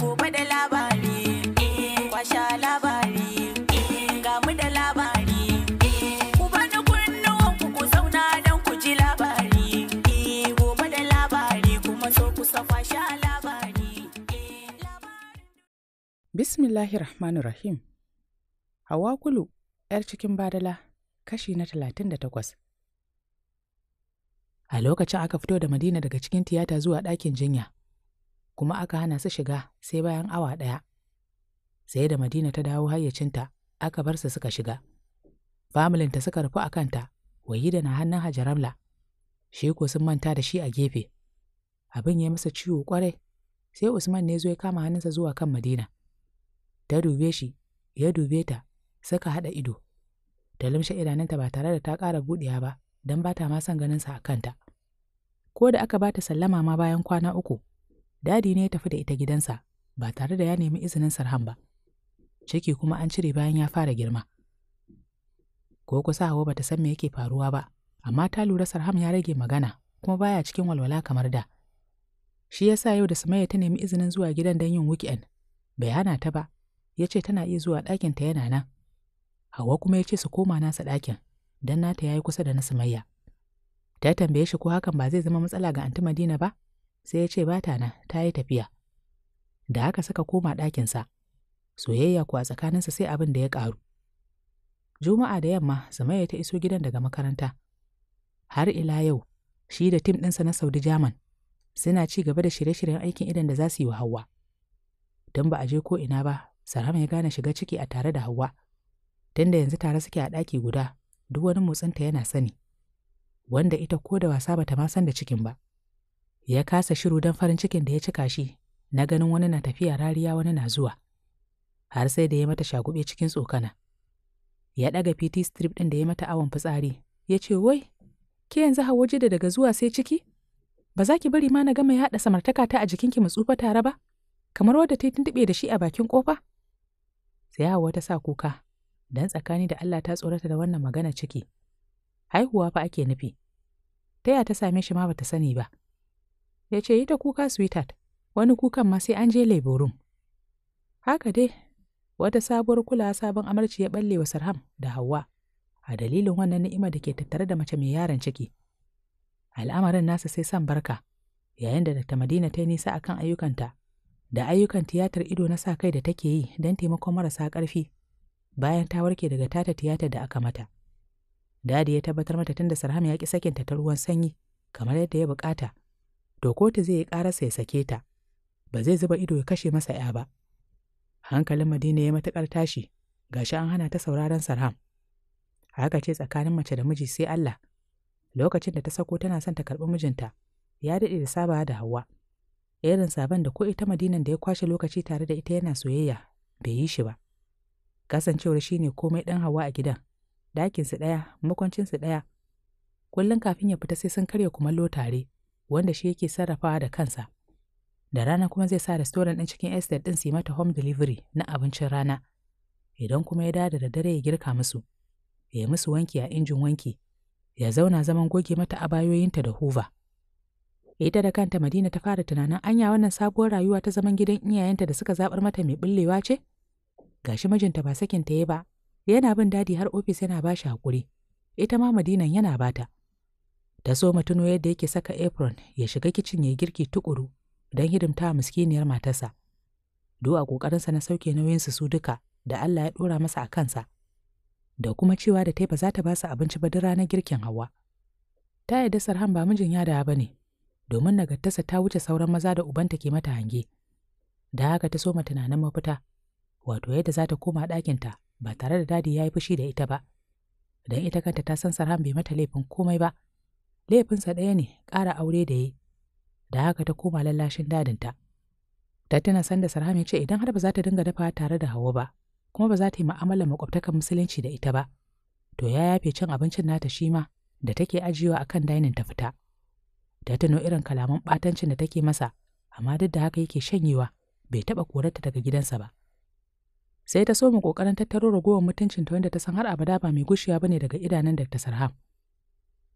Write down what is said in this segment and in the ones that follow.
gobe da labari eh, kwasha labari eh, ga mu da labari eh, ku bani kunnuwan ku ku zauna don ku ji labari gobe da labari kuma so ku kwasha labari bismillahir rahmanir rahim hawa kulu yar cikin badala kashi na talatin da takwas. a lokacin aka fito da madina daga cikin tiyata zuwa ɗakin jinya kuma aka hana su shiga sai bayan awa ɗaya. Sai da Madina ta dawo hayyacinta, aka bar su suka shiga. Familinta suka rufu a kanta, wayi da na hannun Hajaramla. Shi ko sun manta da shi a gefe. Abin ya masa ciwo kwarai, sai Usman ne zo ya kama hannunsa zuwa kan Madina. Ta dube shi, ya dube ta, suka haɗa ido. Ta lumshe idanunta ba tare da ta ƙara buɗewa ba, don ba ta ma son ganinsa a kanta. Ko da aka ba ta sallama ma bayan kwana uku, dadi ne ya tafi da ita gidansa ba tare da ya nemi izinin sarhan ba ciki kuma an cire bayan ya fara girma ko kusa hawa bata san me yake faruwa ba amma ta lura sarham ya rage magana kuma baya cikin walwala kamar da shi yasa yau da sumayya ta nemi izinin zuwa gidan don yin weekend bai hana ta ba ya ce tana iya zuwa ɗakinta yana nan hawa kuma ya ce su koma nasa ɗakin don nata ya yi kusa da na sumayya ta tambaye shi ko hakan ba zai zama matsala ga anti madina ba sai ya ce bata na ta yi tafiya da haka saka koma ɗakinsa soyayya kuwa tsakaninsa sai abin da ya ƙaru juma'a da yamma zamaya ta iso gidan daga makaranta har ila yau shi da tim ɗinsa na saudi jaman suna ci gaba da shirye-shiryen aikin idan da za su yi wa hawa don ba a je ko ina ba sarama ya gane shiga ciki a tare da hawa tunda yanzu tare suke a ɗaki guda duk wani motsinta yana sani wanda ita ko da wasa bata ma san da cikin ba. ya kasa shiru don farin cikin da ya cika shi, na ganin wani na tafiya rariya wani na zuwa. Har sai da ya mata shagube cikin tsokana. Ya ɗaga PT strip ɗin da ya mata awon fitsari, ya ce, Wai, ke yanzu hawa da daga zuwa sai ciki? Ba za ki bari ma na gama yaɗa samartaka ta a jikinki mu tsufa tare ba? Kamar wadda ta yi tuntuɓe da shi a bakin ƙofa? Sai hawa ta sa kuka, don tsakani da Allah ta tsorata da wannan magana ciki. Haihuwa fa ake nufi. Ta ya ta same shi ma bata sani ba. ya ce yi ta kuka sweetheart wani kukan ma sai an je leburun. haka dai wata sabuwar kula sabon amarci ya balle wa sarham da hawa a dalilin wannan ni'ima da ke tattare da mace mai yaron ciki al'amarin nasa sai san barka yayin da Dr. Madina ta yi nisa akan ayyukanta da ayyukan tiyatar ido na sa kai da take yi don taimakon marasa ƙarfi bayan ta warke daga tata tiyatar da aka mata. Dadi ya tabbatar mata tunda Sarham ya ki sakinta ta ruwan sanyi kamar yadda ya bukata. to kotu zai yi ƙararsa ya sake ta, ba zai zuba ido ya kashe masa ‘ya ba. Hankalin Madina ya matuƙar tashi, gashi an hana ta sauraron Sarham. Haka ce tsakanin mace da miji sai Allah, lokacin da ta sako tana son ta karɓi mijinta, ya daɗe da saba da Hauwa. Irin sabon da ko ita Madinan da ya kwashe lokaci tare da ita yana soyayya, bai yi shi ba. Kasancewar shine komai ɗan Hauwa a gidan, ɗakinsu ɗaya, makwancinsu ɗaya. Kullum kafin ya fita sai sun karya kumallo tare, wanda shi yake sarrafawa da kansa. Da rana kuma zai sa restoran ɗin cikin estate ɗin su yi mata home delivery na abincin rana. Idan kuma ya dada da dare ya girka musu, ya musu wanki a injin wanki, ya zauna zaman goge mata abayoyinta da huva. Ita da kanta Madina ta fara tunanin anya wannan sabuwar rayuwa ta zaman gidan iyayenta da suka zaɓar mata mai bullewa ce? Gashi mijinta ba sakinta ya ba, yana bin dadi har ofis yana ba shi haƙuri, ita ma Madinan yana bata. ta so mu tuno yadda yake saka apron ya shiga kicin ya girki tukuru don hidimta miskiniyar matarsa. Do a ƙoƙarinsa na sauke nauyinsu su duka da Allah ya ɗora masa a kansa, da kuma cewa da ta ba za ta ba su abinci ba duk ranar girkin Hauwa. Ta yarda Sarhan ba mijin yada ba ne, domin nagartarsa ta wuce sauran maza da ubanta ke mata hange. Da haka ta so soma tunanin mafita, wato yadda za ta koma ɗakinta ba tare da dadi ya yi fushi da ita ba, don ita kanta ta san Sarhan bai mata laifin komai ba. laifinsa ɗaya ne ƙara aure da yi da haka ta koma lallashin dadinta ta tana sanda sarham ya ce idan har ba za ta dinga dafa tare da hawa ba kuma ba za ta yi mu'amalar makwabtakan musulunci da ita ba to ya yafe cin abincin nata shi ma da take ajiyewa a kan dainin ta fita ta tuno irin kalaman ɓatancin da take masa amma duk da haka yake shanyewa bai taɓa korarta daga gidansa ba sai ta so mu ƙoƙarin tattaro ragowar mutuncinta wanda ta san har abada ba mai gushewa gushiya ne daga idanun Dr. Sarham.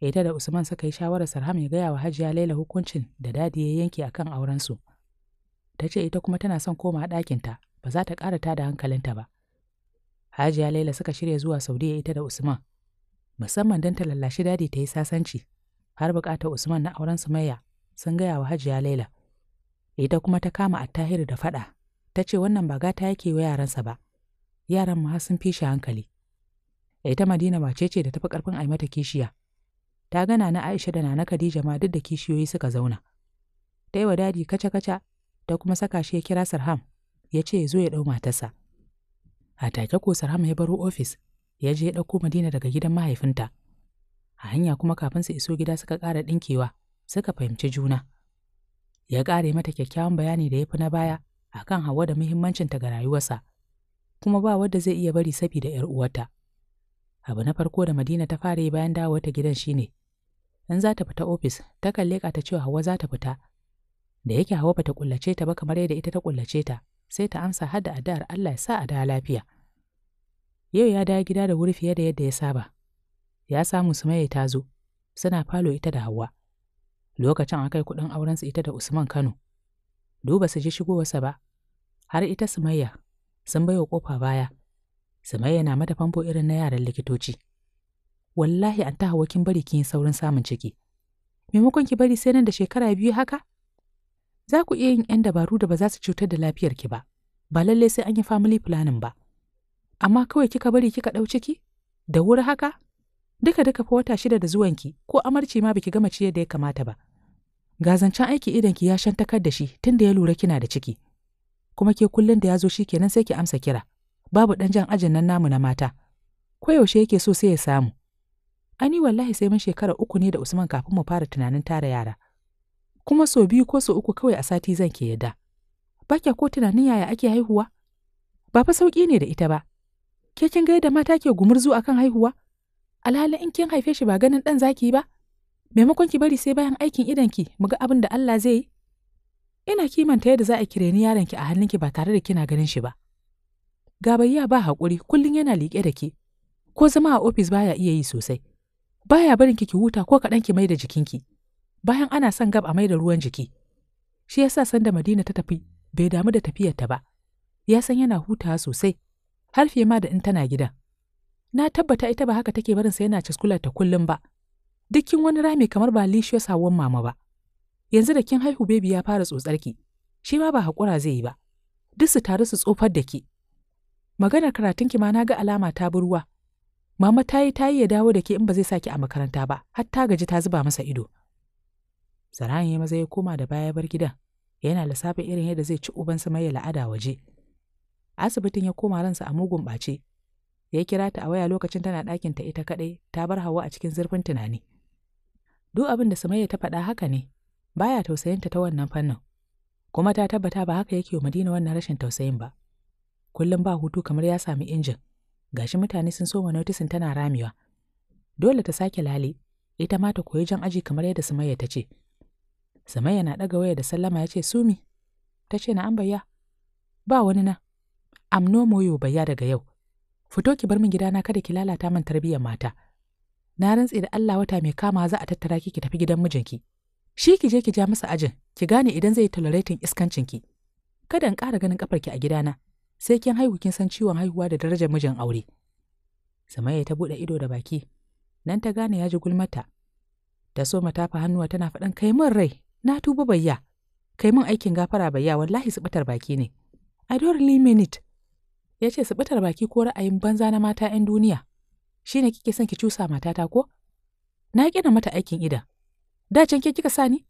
ita da Usman suka yi shawarar Sarham ya gaya wa Hajiya Laila hukuncin da dadi ya yanke akan aurensu. Ta ce ita kuma tana son koma ɗakinta, ba za ta ƙara tada hankalinta ba. Hajiya Laila suka shirya zuwa Saudiya ita da Usman, musamman don ta lallashi dadi ta yi sasanci, har buƙatar Usman na auren Sumayya sun gaya wa Hajiya Laila. Ita kuma ta kama attahiru da faɗa, ta ce wannan ba gata yake wa yaransa ba, yaran ma sun fi shi hankali. Ita Madina mace ce da tafi ƙarfin ai mata kishiya, ta gana na Aisha da Nana Khadija ma duk da kishiyoyi suka zauna. Ta yi wa dadi kaca-kaca ta kuma saka shi ya kira Sarham ya ce ya zo ya ɗau matarsa. A take ko Sarham ya baro ofis ya je ya ɗauko Madina daga gidan mahaifinta. A hanya kuma kafin su iso gida suka ƙara ɗinkewa suka fahimci juna. Ya ƙare mata kyakkyawan bayani da ya fi na baya akan Hauwa da muhimmancinta ga rayuwarsa. kuma ba wadda zai iya bari saboda ‘yar uwarta. Abu na farko da Madina ta fara yi bayan wata gidan shine in za ta fita ofis takan ka ta cewa Hauwa za ta fita. Da yake Hauwa bata kullace ta ba kamar yadda ita ta kullace ta, sai ta amsa har da addu'ar Allah ya sa a da lafiya. Yau ya dawo gida da wuri fiye da yadda ya saba. Ya samu Sumaye ta zo, suna falo ita da Hauwa. Lokacin akai kuɗin aurensu ita da Usman Kano. Duba su ji shigowarsa ba, har ita Sumayya sun baiwa ƙofa baya. Sumayya na mata famfo irin na yaran likitoci. wallahi an ta hawa kin bari kin yi saurin samun ciki maimakon ki bari sai nan da shekara biyu haka za ku iya yin 'yan dabaru da ba za su cutar da lafiyar ki ba ba lallai sai an yi family planning ba amma kawai kika bari kika ɗau ciki da wuri haka duka duka fa wata shida da zuwanki ko amarci ma biki gama ciyar da ya kamata ba ga zancen aiki idanki ya shantakar da shi tun da ya lura kina da ciki kuma ke kullum da ya zo shi kenan sai ki amsa kira babu ɗan jan ajin nan namu na mata koyaushe yake so sai ya samu Ani wallahi sai mun shekara uku ne da Usman kafin mu fara tunanin tara yara. Kuma so biyu ko so uku kawai a sati zan ke yadda. Ba kya ko tunanin yaya ake haihuwa? Ba fa sauƙi ne da ita ba. Ke kin ga yadda mata ke gumurzu akan haihuwa? Alhalin in kin haife shi ba ganin ɗan zaki ba? Maimakon ki bari sai bayan aikin ki mu ga abin da Allah zai yi? Ina kimanta yadda za a yaron ki a hannunki ba tare da kina ganin shi ba. Gabayya ba haƙuri kullum yana liƙe da ke. Ko zama a ofis baya iya yi sosai. baya barin ki ki huta ko kaɗan ki mai da jikinki bayan ana son gab a mai da ruwan jiki shi yasa sanda madina ta tafi bai damu da tafiyarta ba ya san yana hutawa sosai har fiye ma da in tana gidan na tabbata ita ba haka take barin sa yana caskular ta kullum ba dukkin wani rami kamar ba ya hawan mama ba yanzu da kin haihu bebi ya fara tsotsarki shi ma ba hakura zai yi ba duk su taru su tsofar da ki maganar karatun ki ma na ga alama ta bi ruwa Mama ta yi ta yi ya dawo da ke in ba zai saki a makaranta ba, har ta gaji ta zuba masa ido. Zarahan ya maza ya koma da baya bar gidan, yana lissafin irin yadda zai ci ubansa mai la'ada waje. Asibitin ya koma ransa a mugun ɓace, ya kira ta a waya lokacin tana ɗakin ta ita kaɗai, ta bar hawa a cikin zurfin tunani. Duk abin da Sumayya ta faɗa haka ne, baya tausayinta ta wannan fannin, kuma ta tabbata ba haka yake wa Madina wannan rashin tausayin ba. Kullum ba hutu kamar ya sami injin. gashi mutane sun soma notisin tana ramewa. Dole ta sake lale, ita ma ta koyi jan aji kamar yadda Sumayya ta ce. Sumayya na ɗaga waya da sallama ya ce sumi, ta ce na an bayya. Ba wani na, am no moyo bayya daga yau. Fito ki bar min gidana kada ki lalata min tarbiyyar mata. Na rantse da Allah wata mai kama za a tattara ki ki tafi gidan mijinki. Shi ki je ki ja masa ajin, ki gane idan zai tolerating iskancinki. Kada in ƙara ganin ƙafarki a gidana. sai kin haihu kin san ciwon haihuwa da darajar mijin aure samaya ta buɗe ido da baki nan ta gane ya ji gulmata ta so matafa hannuwa tana faɗan kai min rai na tuba bayya kai min aikin gafara bayya wallahi subatar baki ne i don't really mean it ya ce subutar baki ko ra'ayin banza na mata 'yan duniya shi ne kike son ki cusa matata ko na kina mata aikin ida da can ke kika sani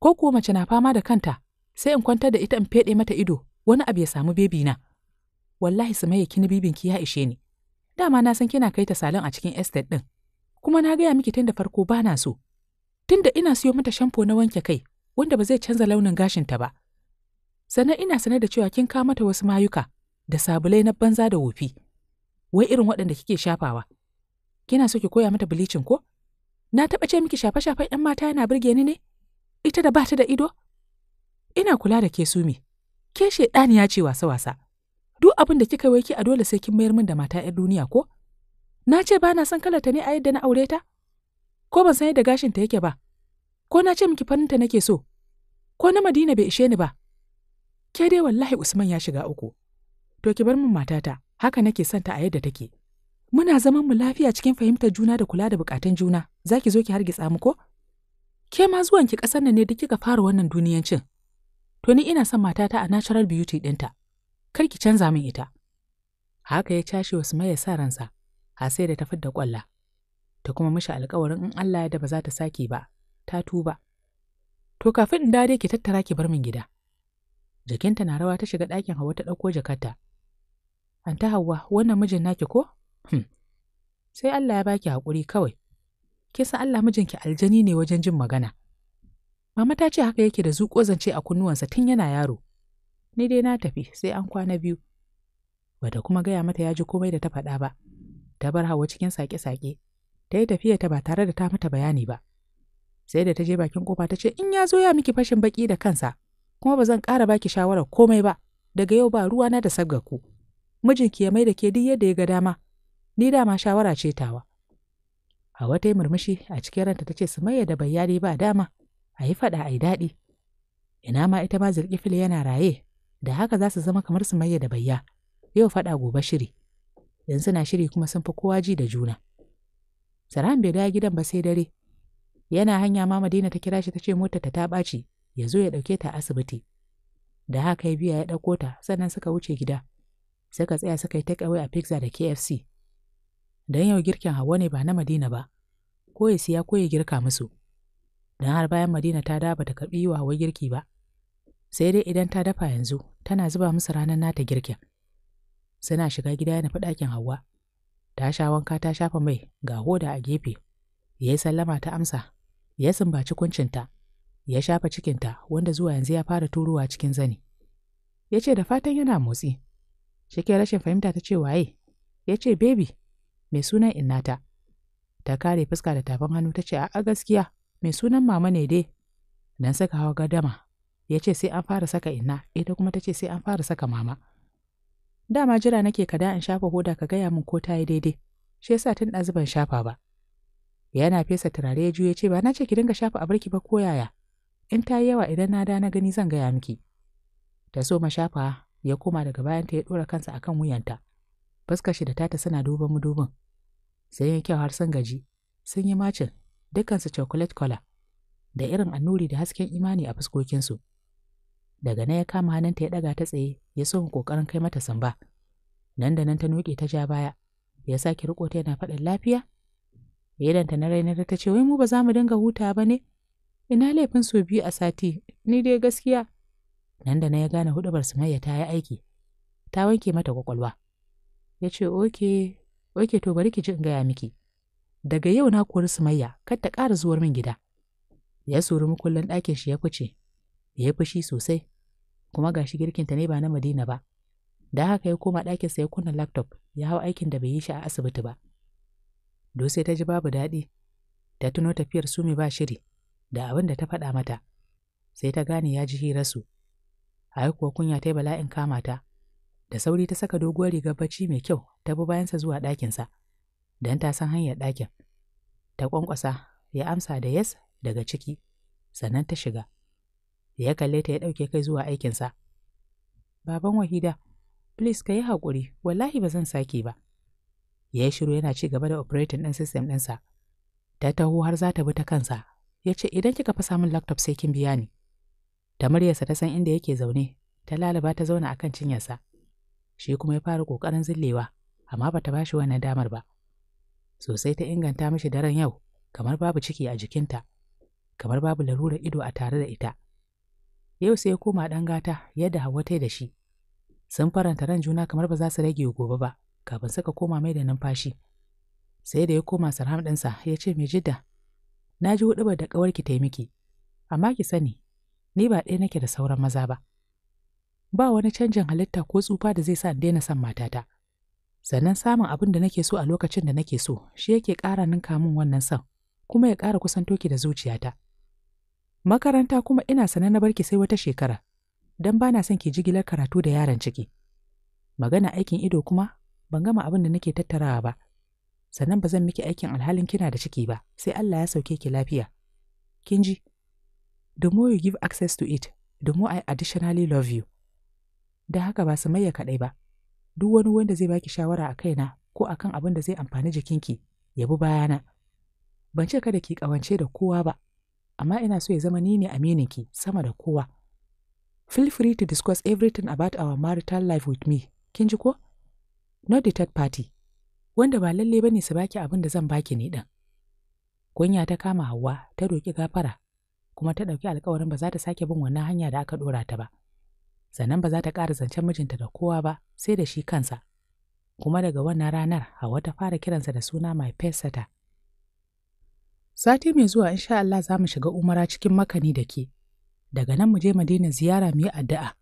ko kuwa mace na fama da kanta sai in kwantar da ita in feɗe mata ido wani abu ya samu bebi na wallahi mai kini bibinki ya ishe ni dama na san kina kai ta salon a cikin estate din kuma na gaya miki tunda farko bana so tunda ina siyo mata shampo na wanke kai wanda ba zai canza launin gashin ta ba sannan ina sanar da cewa kin kawo mata wasu mayuka da sabulai na banza da wofi wai irin waɗanda kike shafawa kina so ki koya mata bilicin ko na taɓa ce miki shafe-shafen 'yan mata yana burge ni ne ita da bata da ido ina kula da ke sumi ke ya ce wasa-wasa. Duk abin da kika waiki a dole sai kin mayar min da mata 'yar duniya ko? Na ce ba na son ta ne a yadda na aure ta? Ko ban san yadda gashinta yake ba? Ko na ce miki farinta nake so? Ko na Madina bai ishe ni ba? Ke dai wallahi Usman ya shiga uku. To ki bar min matata, haka nake son ta a yadda take. Muna zaman mu lafiya cikin fahimtar juna da kula da bukatun juna, za ki zo ki hargitsa mu ko? Ke ma zuwanki ƙasar nan ne duk kika fara wannan duniyancin. To ni ina son matata a natural beauty ɗinta, kar ki canza min ita. Haka ya cashe wasu mai sa ransa, har sai da ta fidda ƙwalla. Ta kuma mishi alƙawarin in Allah ya da ba za ta sake ba, ta tuba. To kafin in dare ki tattara ki bar min gida. Jakinta na rawa ta shiga ɗakin Hauwa ta ɗauko jakarta. An ta Hauwa, wannan mijin naki ko? Hmm. Sai Allah ya baki haƙuri kawai. Kisa Allah mijinki aljani ne wajen jin magana. Mama ta ce haka yake da zuƙo zance a kunnuwansa tun yana yaro. Ni dai na tafi sai an kwana biyu. Bata kuma gaya mata ya ji komai da ta faɗa ba. Ta bar hawa cikin sake-sake. Ta yi tafiya ta ba tare da ta mata bayani ba. Sai da ta je bakin kofa ta ce in ya zo ya miki fashin baki da kansa kuma ba zan ƙara baki shawarar komai ba. Daga yau ba ruwa na da sabga ku. Mijinki ya mai da ke duk yadda ya ga dama. Ni dama shawara ce tawa. Hawa ta yi murmushi a cikin ranta ta ce su maye da bayyani ba dama. a yi faɗa a yi daɗi. Ina ma ita ma fili yana raye, da haka za su zama kamar su maye da bayya, yau faɗa gobe shiri. Yanzu suna shiri kuma sun fi kowa ji da juna. Saran bai dawo gidan ba sai dare. Yana hanya ma Madina ta kira shi ta ce mota ta ta ɓaci, ya zo ya ɗauke ta asibiti. Da haka ya biya ya ɗauko ta, sannan suka wuce gida. Suka tsaya suka yi ta takeaway a pizza da KFC. Don yau girkin Hauwa ne ba na Madina ba, ko ya siya ko ya girka musu. don har bayan Madina ta da bata karɓi wa girki ba. Sai dai idan ta dafa yanzu, tana zuba musu ranar nata girkin. Suna shiga gida yana fi ɗakin Hauwa. Ta sha wanka ta shafa mai ga hoda a gefe. Ya yi sallama ta amsa, ya sumbaci kuncinta, ya shafa cikinta wanda zuwa yanzu ya fara turuwa cikin zani. Ya ce da fatan yana motsi. Shike rashin fahimta ta ce waye? Ya ce bebi, mai sunan innata. Ta kare fuska da tafin hannu ta ce a gaskiya mai sunan mama ne dai dan saka hawa gadama ya ce sai an fara saka inna ita kuma ta ce sai an fara saka mama dama jira nake ka da in shafa hoda ka gaya min ko ta yi daidai shi yasa tun ɗazu ban shafa ba yana fesa turare ya juye ce ba na ce ki dinga shafa abarki ba ko yaya in ta yi yawa idan na da na gani zan gaya miki ta so ma shafa ya koma daga bayanta ya ɗora kansa akan wuyanta fuskar shi da tata suna duban mu duban sai ya kyau har sun gaji sun yi macin dukansu chocolate color, da irin annuri da hasken imani a fuskokinsu. Daga na ya kama hannunta ya ɗaga ta tsaye ya so mu ƙoƙarin kai mata samba. Nan da nan ta noƙe ta ja baya, ya sake riƙo ta yana faɗin lafiya. ta na rainar ta ce, wai mu ba za mu dinga huta ba ne? Ina laifin so biyu a sati, ni dai gaskiya. Nan da na ya gane huɗubar Sumayya ta yi aiki, ta wanke mata kwakwalwa. Ya ce, oke, oke to bari ki ji in gaya miki. daga yau na kori sumayya kar ta ƙara zuwar min gida ya suri mukullin ɗakin shi ya fice ya yi fushi sosai kuma ga shi girkinta ne ba na madina ba da haka ya koma ɗakin sa ya kunna laptop ya hau aikin da bai yi shi a asibiti ba Do sai ta ji babu daɗi ta tuno tafiyar sumi ba shiri da abin da ta faɗa mata sai ta gane ya ji hirarsu Ai kuwa kunya ta yi bala'in kama ta da sauri ta saka doguwar rigar bacci mai kyau ta bi bayansa zuwa ɗakinsa Dan ta san hanyar ɗakin ta ƙwanƙwasa ya amsa da yes daga ciki sannan ta shiga ya kalle ta ya ɗauke kai zuwa aikinsa baban wahida please ka yi haƙuri wallahi ba zan sake ba ya yi shiru yana ci gaba da operating ɗin system ɗinsa ta taho har za ta bi ta kansa ya ce idan kika fa samun laptop sai kin biya ni Ta muryarsa ta san inda yake zaune ta lalaba ta zauna a akan cinyarsa shi kuma ya fara ƙoƙarin zillewa amma bata ba shi wannan damar ba sosai ta inganta mishi daren yau kamar babu ciki a jikinta kamar babu larurar ido a tare da ita yau sai ya koma ɗan gata yadda hawa ta da shi sun faranta ran juna kamar ba za su rage gobe ba kafin suka koma mai da numfashi sai da ya koma sarham ɗinsa ya ce mai jidda na ji ba da ƙawarki ta yi amma ki sani ni ba ɗaya nake da sauran maza ba ba wani canjin halitta ko tsufa da zai sa in daina son matata sannan samun abin da nake so a lokacin da nake so shi yake ƙara ninka min wannan son kuma ya ƙara kusan toki da zuciyata makaranta kuma ina sanan na barki sai wata shekara don ba na son ki jigilar karatu da yaron ciki magana aikin ido kuma ban gama abin da nake tattarawa ba sannan ba zan miki aikin alhalin kina da ciki ba sai Allah ya sauke ki lafiya kin ji the more you give access to it the more I additionally love you da haka ba su mayya kaɗai ba duk wani wanda zai baki shawara a kaina ko akan abin da zai amfani jikinki ya bi bayana ban ce kada ki kawance da kowa ba amma ina so ya zama ni ne amininki sama da kowa feel free to discuss everything about our marital life with me kin ji ko not the third party wanda ba lalle bane su baki abin da zan baki ne din kunya ta kama Hauwa ta roki gafara kuma ta ɗauki alkawarin ba za ta sake bin wannan hanya da aka ɗora ta ba. sannan ba za ta ƙara zancen mijinta da kowa ba sai da shi kansa. Kuma daga wannan ranar Hauwa ta fara kiransa da suna mai fesata. Sati mai zuwa insha Allah za mu shiga umara cikin makani da ke. Daga nan mu je Madina ziyara mu yi addu'a.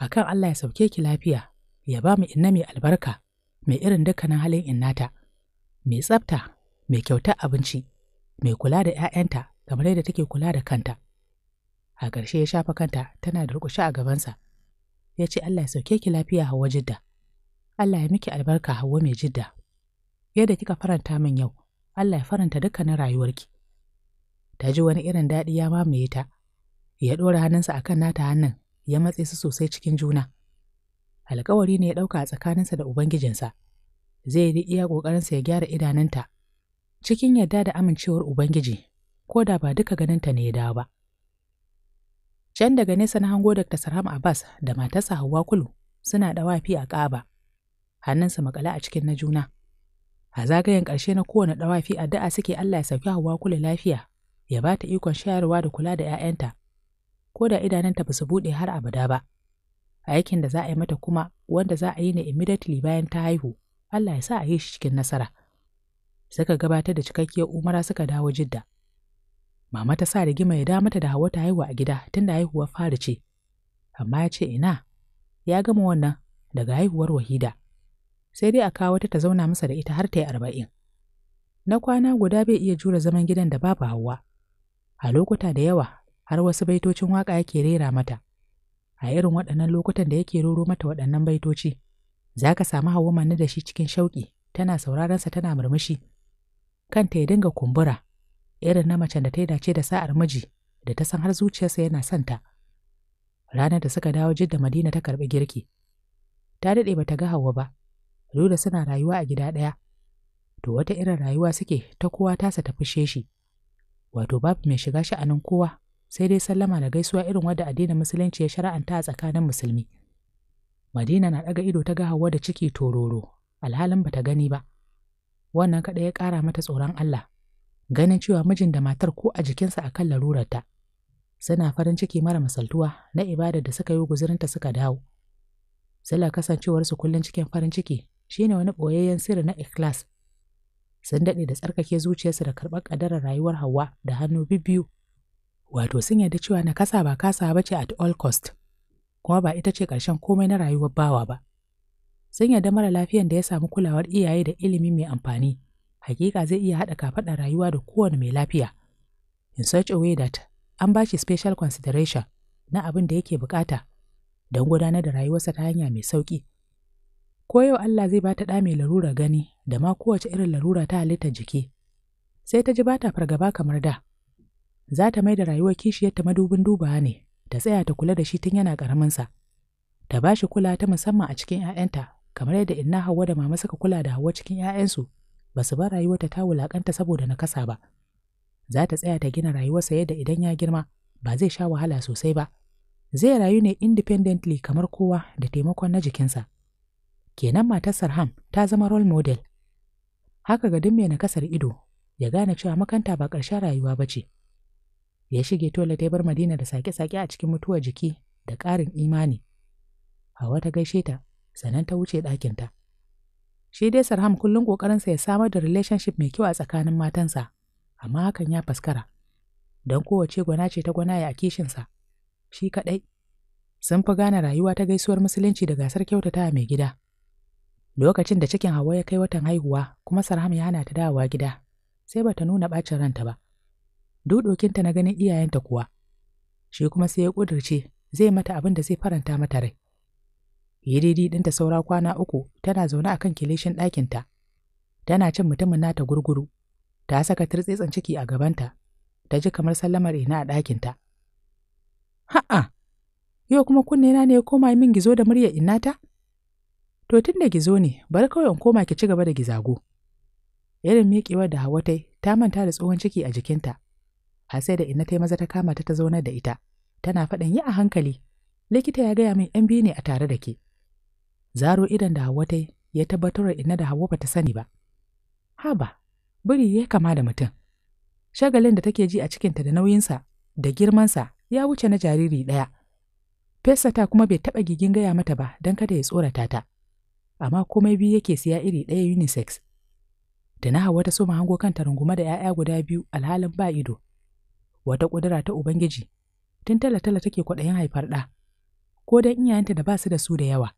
Akan Allah ya sauke ki lafiya, ya ba mu inna mai albarka, mai irin dukkanin halin innata, mai tsafta, mai kyautar abinci, mai kula da 'ya'yanta kamar yadda take kula da kanta. A ƙarshe ya shafa kanta tana da rukushe a gabansa. ya ce Allah ya sauke ki lafiya Hauwa jidda. Allah ya miki albarka Hauwa mai jidda. Yadda kika faranta min yau, Allah ya faranta dukkanin rayuwarki. Ta ji wani irin daɗi ya mamaye ta, ya ɗora hannunsa a kan nata hannun, ya matse su sosai cikin juna. Alkawari ne ya ɗauka a tsakaninsa da Ubangijinsa, zai yi iya ƙoƙarinsa ya gyara idanunta, cikin yarda da amincewar Ubangiji, ko da ba duka ganinta ne ya dawo ba. Can daga nesa na hango Dr. Sarham Abbas da matarsa Hauwa Kulu suna ɗawafi a ƙaba, Hannunsa makale a cikin na juna. A zagayen ƙarshe na kowane ɗawafi addu'a suke Allah ya sauki hawwa Kulu lafiya, ya ba ta ikon shayarwa da kula da 'ya'yanta, ko da idanunta ba su buɗe har abada ba. Aikin da za a yi mata kuma wanda za a yi ne immediately bayan ta haihu, Allah ya sa a yi shi cikin nasara. Suka gabatar da cikakkiyar umara suka dawo Jidda. Mama ta sa rigima ya da mata da Hauwa ta haihuwa a gida tun da haihuwar fari ce. Amma ya ce ina, ya gama wannan daga haihuwar Wahida. Sai dai a kawo wata ta zauna masa da ita har ta yi arba'in. Na kwana guda bai iya jure zaman gidan da babu Hauwa. A lokuta da yawa har wasu baitocin waƙa yake rera mata. A irin waɗannan lokutan da yake roro mata waɗannan baitoci, za ka samu hawa manne da shi cikin shauƙi, tana sauraron sa tana murmushi. Kanta ya dinga kumbura, irin na macen da ta yi dace da sa'ar miji da ta san har zuciyarsa yana son ta. Ranar da suka dawo jidda Madina ta karɓi girki. Ta daɗe bata ga Hauwa ba, Lula suna rayuwa a gida ɗaya. To wata irin rayuwa suke ta kowa tasa ta fishe shi. Wato babu mai shiga sha'anin kowa sai dai sallama da gaisuwa irin wadda addinin musulunci ya shara'anta a tsakanin musulmi. Madina na ɗaga ido ta ga Hauwa da ciki tororo, alhalin bata gani ba. Wannan kaɗai ya ƙara mata tsoron Allah. ganin cewa mijin da matar ko a jikinsa a kan larurarta. Suna farin ciki mara masaltuwa na ibada da suka yi guzurinta suka dawo. Sula kasancewarsu kullum cikin farin ciki shi ne wani ɓoyayyen sirri na ikhlas. Sun daɗe da tsarkake zuciyarsu da karɓar ƙadarar rayuwar Hauwa da hannu bibbiyu. Wato sun yarda cewa na kasa ba kasa ba ce at all cost, kuma ba ita ce ƙarshen komai na rayuwar bawa ba. Sun yarda mara lafiyan da ya samu kulawar iyaye da ilimi mai amfani, hakika zai iya haɗa kafaɗa rayuwa da kowane mai lafiya. In such a that an ba shi special consideration na abin da yake bukata don gudanar da rayuwarsa ta hanya mai sauƙi. Ko yau Allah zai ba ta ɗa mai larura gani da ma kowace irin larura ta halittar jiki. Sai ta ji ba ta fargaba kamar da. Za ta mai da rayuwar kishiyarta madubin dubawa ne ta tsaya ta kula da shi tun yana ƙaraminsa. Ta ba shi kula ta musamman a cikin ‘ya'yanta kamar yadda inna Hauwa da mama suka kula da Hauwa cikin ‘ya'yansu ba su bar rayuwarta ta wulaƙanta saboda nakasa ba. Za ta tsaya ta gina rayuwar rayuwarsa yadda idan ya girma ba zai sha wahala sosai ba. Zai rayu ne independently kamar kowa da taimakon na jikinsa. Kenan matar Sarham ta zama role model. Haka ga duk mai nakasar ido ya gane cewa makanta ba ƙarshen rayuwa ba ce. Ya shige tola ta bar Madina da sake-sake a cikin mutuwar jiki da ƙarin imani. Hawa ta gaishe ta, sannan ta wuce ɗakinta. Shi dai Sarham kullum ƙoƙarinsa ya samar da relationship mai kyau a tsakanin matansa, amma hakan ya faskara. Don kowace gwana ce ta gwana ya a kishinsa, shi kaɗai. Sun fi gane rayuwa ta gaisuwar musulunci da gasar kyautata mai gida. Lokacin da cikin Hawa ya kai watan haihuwa, kuma Sarham ya hana ta dawowa gida, sai bata nuna ɓacin ranta ba. Dudokinta na ganin iyayenta kuwa, shi kuma sai ya ƙudurce zai mata abin da zai faranta mata rai. ya daidai ɗinta saura kwana uku tana zaune a kan kilishin ɗakinta. Tana cin mutumin nata gurguru, ta saka tirtsetsen ciki a gabanta, ta ji kamar sallamar ina a ɗakinta. Ha'a, yau kuma kunne na ne ya koma min gizo da muryar innata? To tun da gizo ne, bari kawai in koma ki ci gaba da gizago. Irin miƙewar da Hauwa tai, ta manta da tsohon ciki a jikinta. Har sai da inna tai maza ta kama ta ta zaunar da ita, tana faɗin yi a hankali. Likita ya gaya min ‘yan biyu ne a tare da ke. Zaro idan da Hauwa ta ya tabbatar ina da Hauwa ta sani ba. Haba, biri ya kama da mutum. Shagalin da take ji a cikinta da nauyinsa da girmansa ya wuce na jariri ɗaya. ta kuma bai taɓa gigin gaya mata ba don kada ya tsorata ta. Amma komai biyu yake siya iri ɗaya unisex. Da na hawa ta soma hango kanta runguma da 'ya'ya guda biyu alhalin ba ido. Wata ƙudura ta Ubangiji, tun tala-tala take kwaɗayin haifar ɗa, ko don iyayenta da ba su da su da yawa.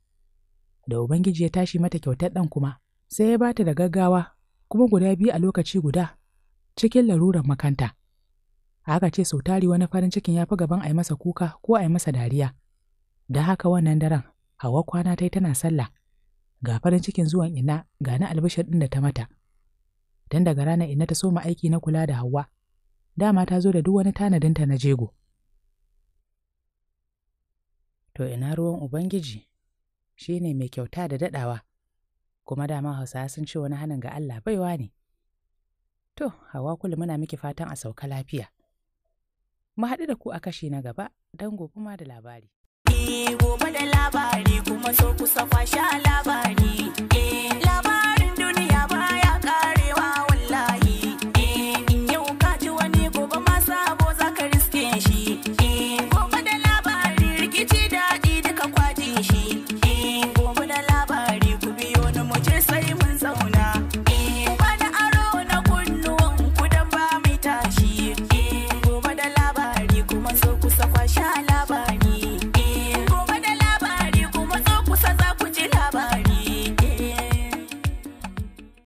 da Ubangiji ya tashi mata kyautar ɗan kuma, sai ya bata da gaggawa, kuma guda biyu a lokaci guda, cikin larurar makanta. Haka ce sau tari wani farin cikin ya fi gaban a yi masa kuka ko a yi masa dariya. Da haka wannan daren, hawa kwana ta yi tana sallah. Ga farin cikin zuwan ina ga na albishir ɗin da ta mata. Dan daga ranar ina ta soma aiki na kula da hawa. Dama ta zo da duk wani tanadinta na jego. To ina ruwan Ubangiji, shi ne mai kyauta da daɗawa, kuma dama hausa sun ce wani hannun ga Allah baiwa ne. To, hawa kulu muna miki fatan a sauka lafiya. Mu haɗu da ku a kashi na gaba don gobe ma da labari. Eh, gobe da labari kuma so kusa Eh, labari.